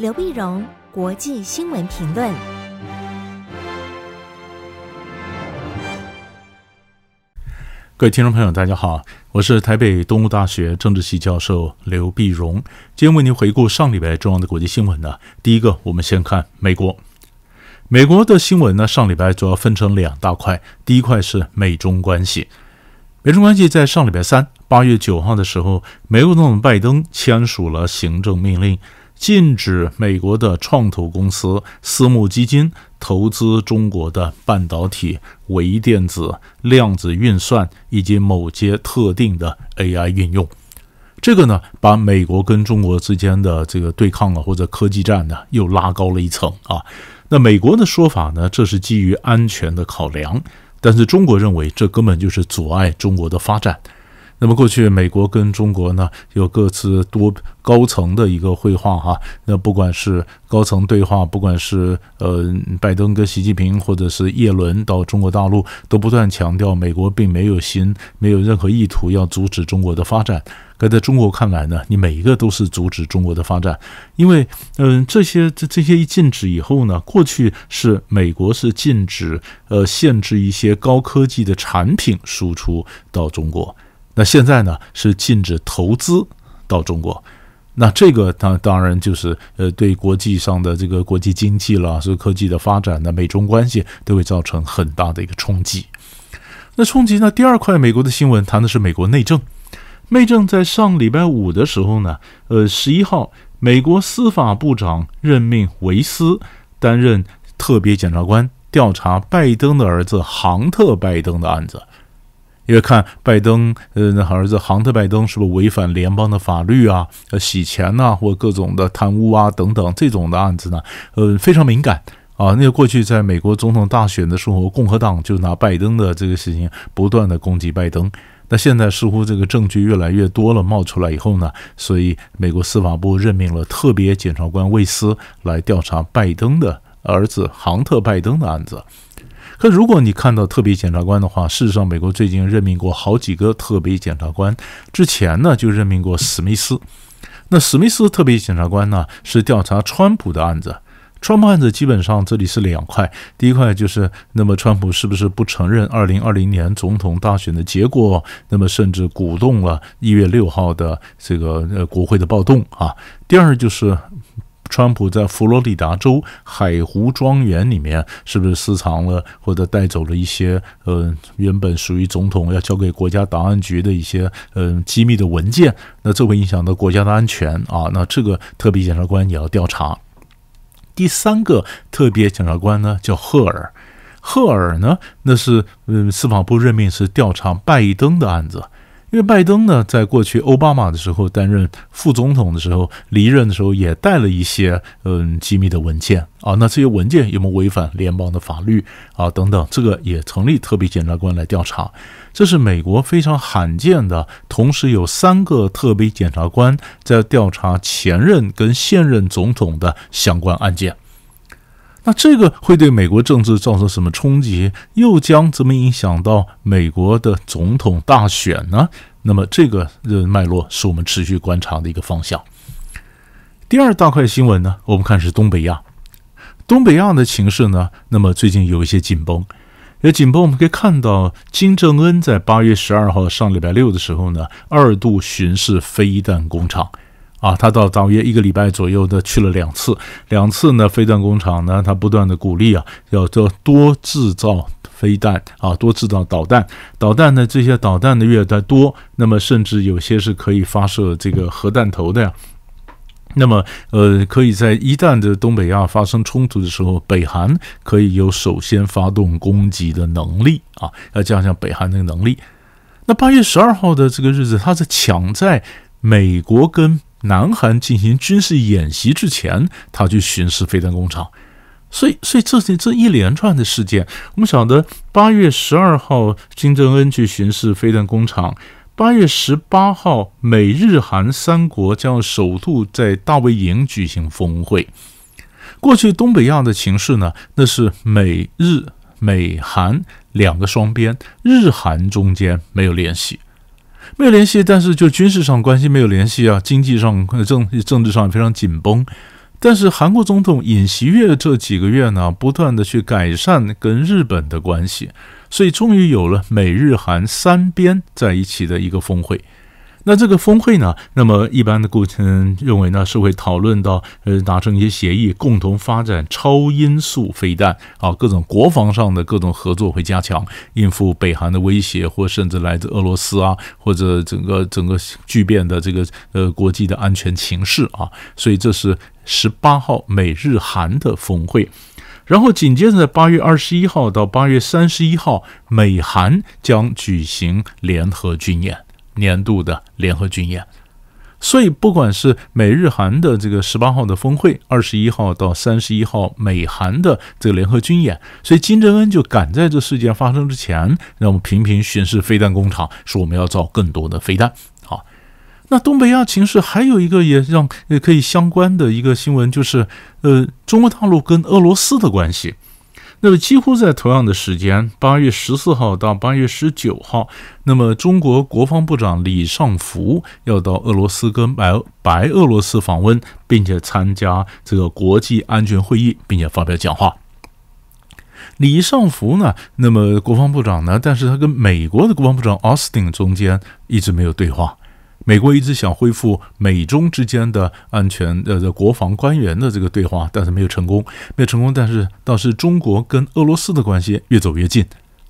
劉必榮，國際新聞評論。各位聽眾朋友，大家好，我是台北東吳大學政治系教授劉必榮，今天為您回顧上禮拜重要的國際新聞呢。第一個，我們先看美國。美國的新聞呢，上禮拜主要分成兩大塊。第一塊是美中關係。美中關係在上禮拜三，八月九號的時候，美國總統拜登簽署了行政命令。禁止美國的創投公司、私募基金投資中國的半導體、微電子、量子運算以及某些特定的 AI 運用。這個呢，把美國跟中國之間的這個對抗啊，或者科技戰呢，又拉高了一層啊。那美國的說法呢，這是基於安全的考量，但是中國認為這根本就是阻礙中國的發展。那麼過去，美國跟中國呢，有各自多高層的一個會話哈。那不管是高層對話，不管是呃拜登跟習近平，或者是葉倫到中國大陸，都不斷強調美國並沒有心，沒有任何意圖要阻止中國的發展。可在中國看來呢，你每一個都是阻止中國的發展，因為嗯、呃、這些這這些一禁止以後呢，過去是美國是禁止呃限制一些高科技的產品輸出到中國。那現在呢是禁止投資到中國，那這個當當然就是呃對國際上的這個國際經濟啦、是科技的發展的美中關係都會造成很大的一個衝擊。那衝擊呢，第二塊美國的新聞談的是美國內政。內政在上禮拜五的時候呢，呃十一號，美國司法部長任命魏斯擔任特別檢察官，調查拜登的兒子杭特·拜登的案子。因為看拜登，呃，兒子杭特·拜登是不是違反聯邦的法律啊？呃，洗錢吶，啊，或各種的貪污啊，等等這種的案子呢，呃，非常敏感啊。那個過去在美國總統大選的時候，共和黨就拿拜登的這個事情不斷的攻擊拜登。那現在似乎這個證據越來越多了，冒出來以後呢，所以美國司法部任命了特別檢察官魏斯來調查拜登的兒子杭特·拜登的案子。可如果你看到特別檢察官的話，事實上美國最近任命過好幾個特別檢察官。之前呢，就任命過史密斯。那史密斯特別檢察官呢，是調查川普的案子。川普案子基本上這裡是兩塊：第一塊就是，那麼川普是不是不承認二零二零年總統大選的結果？那麼甚至鼓動了一月六號的這個呃國會的暴動啊。第二就是。川普在佛羅里達州海湖莊園裡面，是不是私藏了或者帶走了一些呃原本屬於總統要交給國家檔案局的一些嗯、呃、機密的文件？那這會影響到國家的安全啊！那這個特別檢察官也要調查。第三個特別檢察官呢，叫赫爾，赫爾呢，那是嗯、呃、司法部任命是調查拜登的案子。因為拜登呢，在過去奧巴馬的時候擔任副總統的時候，離任的時候也帶了一些嗯機密的文件啊，那這些文件有沒有違反聯邦的法律啊？等等，這個也成立特別檢察官來調查，這是美國非常罕見的，同時有三個特別檢察官在調查前任跟現任總統的相關案件。那這個會對美國政治造成什麼衝擊？又將怎麼影響到美國的總統大選呢？那麼這個的脈絡是我們持續觀察的一個方向。第二大塊新聞呢，我們看是東北亞。東北亞的情勢呢，那麼最近有一些緊繃。有緊繃，我們可以看到金正恩在八月十二號上禮拜六的時候呢，二度巡視飛彈工廠。啊，他到大約一個禮拜左右的去了兩次，兩次呢，飛彈工廠呢，他不斷的鼓勵啊，要多，多製造飛彈啊，多製造導彈，導彈呢，這些導彈的越多，那麼甚至有些是可以發射這個核彈頭的呀。那麼，呃，可以在一旦的東北亞發生衝突的時候，北韓可以有首先發動攻擊的能力啊。要講講北韓這個能力。那八月十二號的這個日子，他是搶在美國跟南韓進行軍事演習之前，他去巡視飛彈工廠，所以，所以這些這一連串的事件，我們曉得，八月十二號，金正恩去巡視飛彈工廠，八月十八號，美日韓三國將首度在大衛營舉行峰會。過去東北亞的情勢呢，那是美日美韓兩個雙邊，日韓中間沒有聯繫。沒有聯繫，但是就軍事上關係沒有聯繫啊，經濟上、政政治上非常緊繃。但是韓國總統尹錫悅這幾個月呢，不斷地去改善跟日本的關係，所以終於有了美日韓三邊在一起的一個峰會。那這個峰會呢，那麼一般的顧嗯，認為呢，是會討論到呃，達成一些協議，共同發展超音速飛彈啊，各種國防上的各種合作會加強，應付北韓的威脅，或甚至來自俄羅斯啊，或者整個整個巨變的這個呃國際的安全情勢啊。所以這是十八號美日韓的峰會，然後緊接着八月二十一號到八月三十一號，美韓將舉行聯合軍演。年度的聯合軍演，所以不管是美日韓的這個十八號的峰會，二十一號到三十一號美韓的這個聯合軍演，所以金正恩就趕在這事件發生之前，讓我們頻頻巡視飛彈工廠，說我們要造更多的飛彈。好，那東北亞情勢還有一個也讓也可以相關的一個新聞，就是呃，中國大陸跟俄羅斯的關係。那麼幾乎在同樣的時間，八月十四號到八月十九號，那麼中國國防部長李尚福要到俄羅斯跟白白俄羅斯訪問，並且參加這個國際安全會議，並且發表講話。李尚福呢，那麼國防部長呢，但是他跟美國的國防部長 Austin 中間一直沒有對話。美國一直想恢復美中之間的安全的國防官員的這個對話，但是沒有成功，沒有成功。但是，倒是中國跟俄羅斯的關係越走越近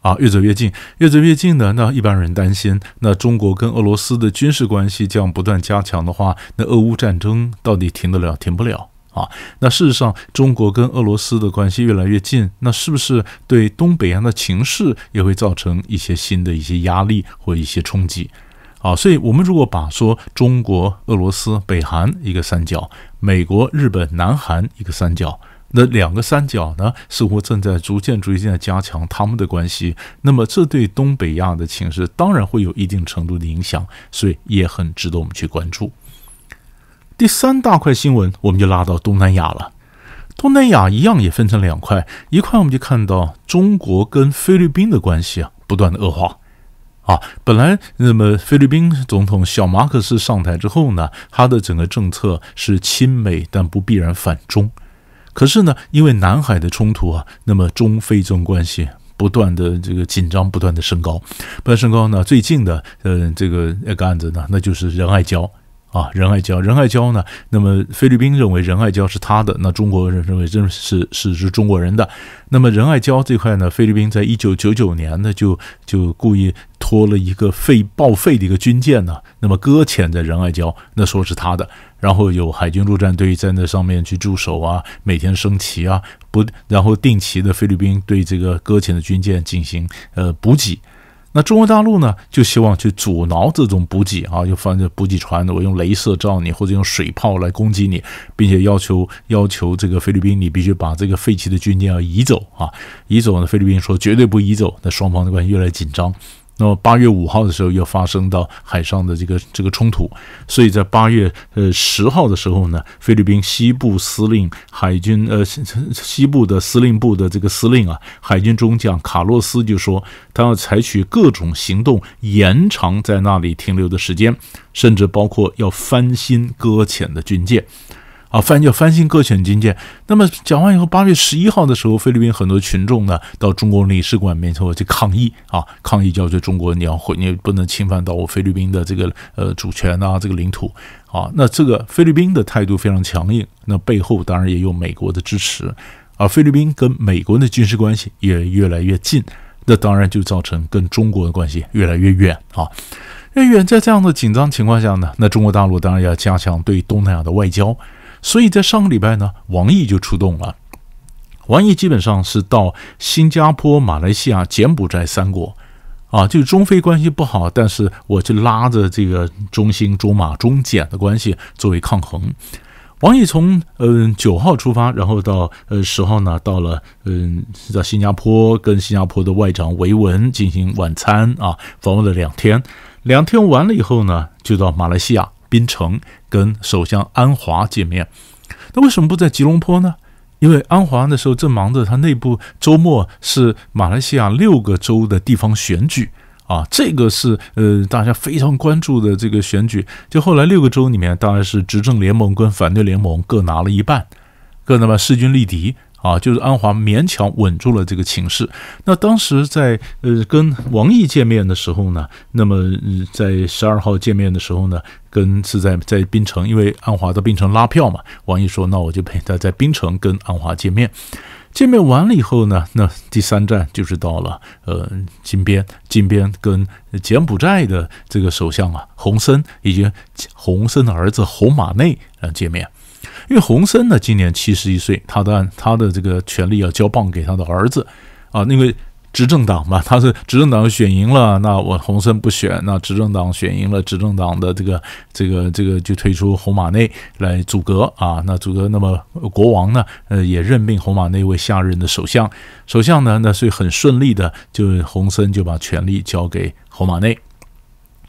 啊，越走越近，越走越近的。那一般人擔心，那中國跟俄羅斯的軍事關係將不斷加強的話，那俄烏戰爭到底停得了停不了啊？那事實上，中國跟俄羅斯的關係越來越近，那是不是對東北亞的情勢也會造成一些新的一些壓力或一些衝擊？啊，所以，我們如果把說中國、俄羅斯、北韓一個三角，美國、日本、南韓一個三角，那兩個三角呢，似乎正在逐漸、逐漸的加強他們的關係。那麼，這對東北亞的情勢當然會有一定程度的影響，所以也很值得我們去關注。第三大塊新聞，我們就拉到東南亞了。東南亞一樣也分成兩塊，一塊我們就看到中國跟菲律賓的關係啊，不斷的惡化。啊，本來那麼菲律賓總統小馬可仕上台之後呢，他的整個政策是親美，但不必然反中。可是呢，因為南海的衝突啊，那麼中菲中關係不斷的這個緊張，不斷的升高，不斷升高呢。最近的，呃這個那、這個案子呢，那就是仁愛礁。啊，仁愛礁，仁愛礁呢，那麼菲律賓認為仁愛礁是他的，那中國人認為這是是是中國人的，那麼仁愛礁這塊呢，菲律賓在一九九九年呢，就就故意拖了一個廢報廢的一個軍艦呢，那麼擱淺在仁愛礁，那說是他的，然後有海軍陸戰隊在那上面去駐守啊，每天升旗啊，不，然後定期的菲律賓對這個擱淺的軍艦進行呃補給。那中國大陸呢，就希望去阻撓這種補給啊，又放這補給船，我用鐳射照你，或者用水炮來攻擊你，並且要求要求這個菲律賓，你必須把這個廢棄的軍艦要移走啊，移走呢？菲律賓說絕對不移走，那雙方的關係越來越緊張。那麼八月五號的時候又發生到海上的這個這個衝突，所以在八月呃十號的時候呢，菲律賓西部司令海軍呃西部的司令部的這個司令啊，海軍中將卡洛斯就說，他要採取各種行動延長在那裡停留的時間，甚至包括要翻新擱淺的軍艦。啊，翻叫翻新擱淺軍艦。那麼講完以後，八月十一號的時候，菲律賓很多群眾呢到中國領事館面前去抗議啊，抗議叫做中國你要回，你不能侵犯到我菲律賓的這個呃主權吶、啊，這個領土啊。那這個菲律賓的態度非常強硬，那背後當然也有美國的支持，啊。菲律賓跟美國的軍事關係也越來越近，那當然就造成跟中國的關係越來越遠啊。那遠在這樣的緊張情況下呢，那中國大陸當然要加強對東南亞的外交。所以在上個禮拜呢，王毅就出動了。王毅基本上是到新加坡、馬來西亞、柬埔寨三國，啊，就是中菲關係不好，但是我就拉着這個中新、中馬、中柬的關係作為抗衡。王毅從嗯九、呃、號出發，然後到呃十號呢，到了嗯到、呃、新加坡跟新加坡的外長維文進行晚餐啊，訪問了兩天，兩天完了以後呢，就到馬來西亞檳城，跟首相安華見面，那為什麼不在吉隆坡呢？因為安華那時候正忙着，他內部周末是馬來西亞六個州的地方選舉啊，這個是呃大家非常關注的這個選舉。就後來六個州裡面，當然是執政聯盟跟反對聯盟各拿了一半，各那麼勢均力敵。啊，就是安華勉強穩住了這個情勢。那當時在呃跟王毅見面的時候呢，那麼、呃、在十二號見面的時候呢，跟是在在檳城，因為安華到檳城拉票嘛。王毅說，那我就陪他在檳城跟安華見面。見面完了以後呢，那第三站就是到了呃金邊，金邊跟柬埔寨的這個首相啊洪森以及洪森的兒子洪馬內啊、呃、見面。因為洪森呢今年七十一歲，他的他的這個權力要交棒給他的兒子，啊，那個執政黨嘛，他是執政黨選贏了，那我洪森不選，那執政黨選贏了，執政黨的這個這個這個就推出洪馬內來組閣啊，那組閣，那麼國王呢，呃，也任命洪馬內為下任的首相，首相呢那是很順利的，就洪森就把權力交給洪馬內。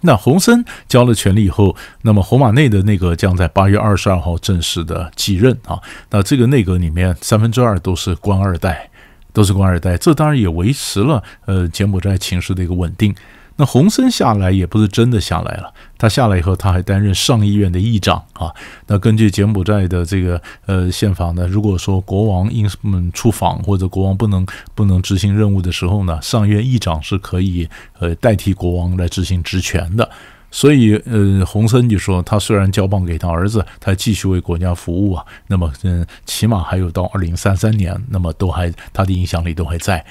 那洪森交了權力以後，那麼洪瑪內的內閣將在八月二十二號正式的繼任啊。那這個內閣裡面三分之二都是官二代，都是官二代，這當然也維持了呃柬埔寨情勢的一個穩定。那洪森下來也不是真的下來了，他下來以後，他還擔任上議院的議長啊。那根據柬埔寨的這個呃憲法呢，如果說國王因出訪或者國王不能不能執行任務的時候呢，上院議長是可以呃代替國王來執行職權的。所以呃，洪森就說，他雖然交棒給他兒子，他繼續為國家服務啊。那麼嗯、呃，起碼還有到二零三三年，那麼都還他的影響力都還在。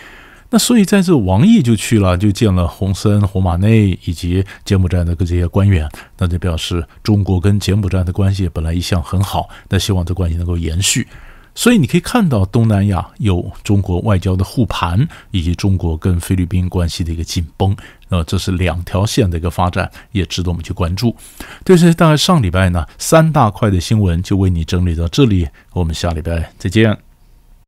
那所以在這，王毅就去了，就見了洪森、洪瑪內以及柬埔寨的這些官員。那就表示中國跟柬埔寨的關係本來一向很好，那希望這關係能夠延續。所以你可以看到東南亞有中國外交的護盤，以及中國跟菲律賓關係的一個緊繃。那這是兩條線的一個發展，也值得我們去關注。對，這些大概上禮拜呢，三大塊的新聞就為你整理到這裡，我們下禮拜再見。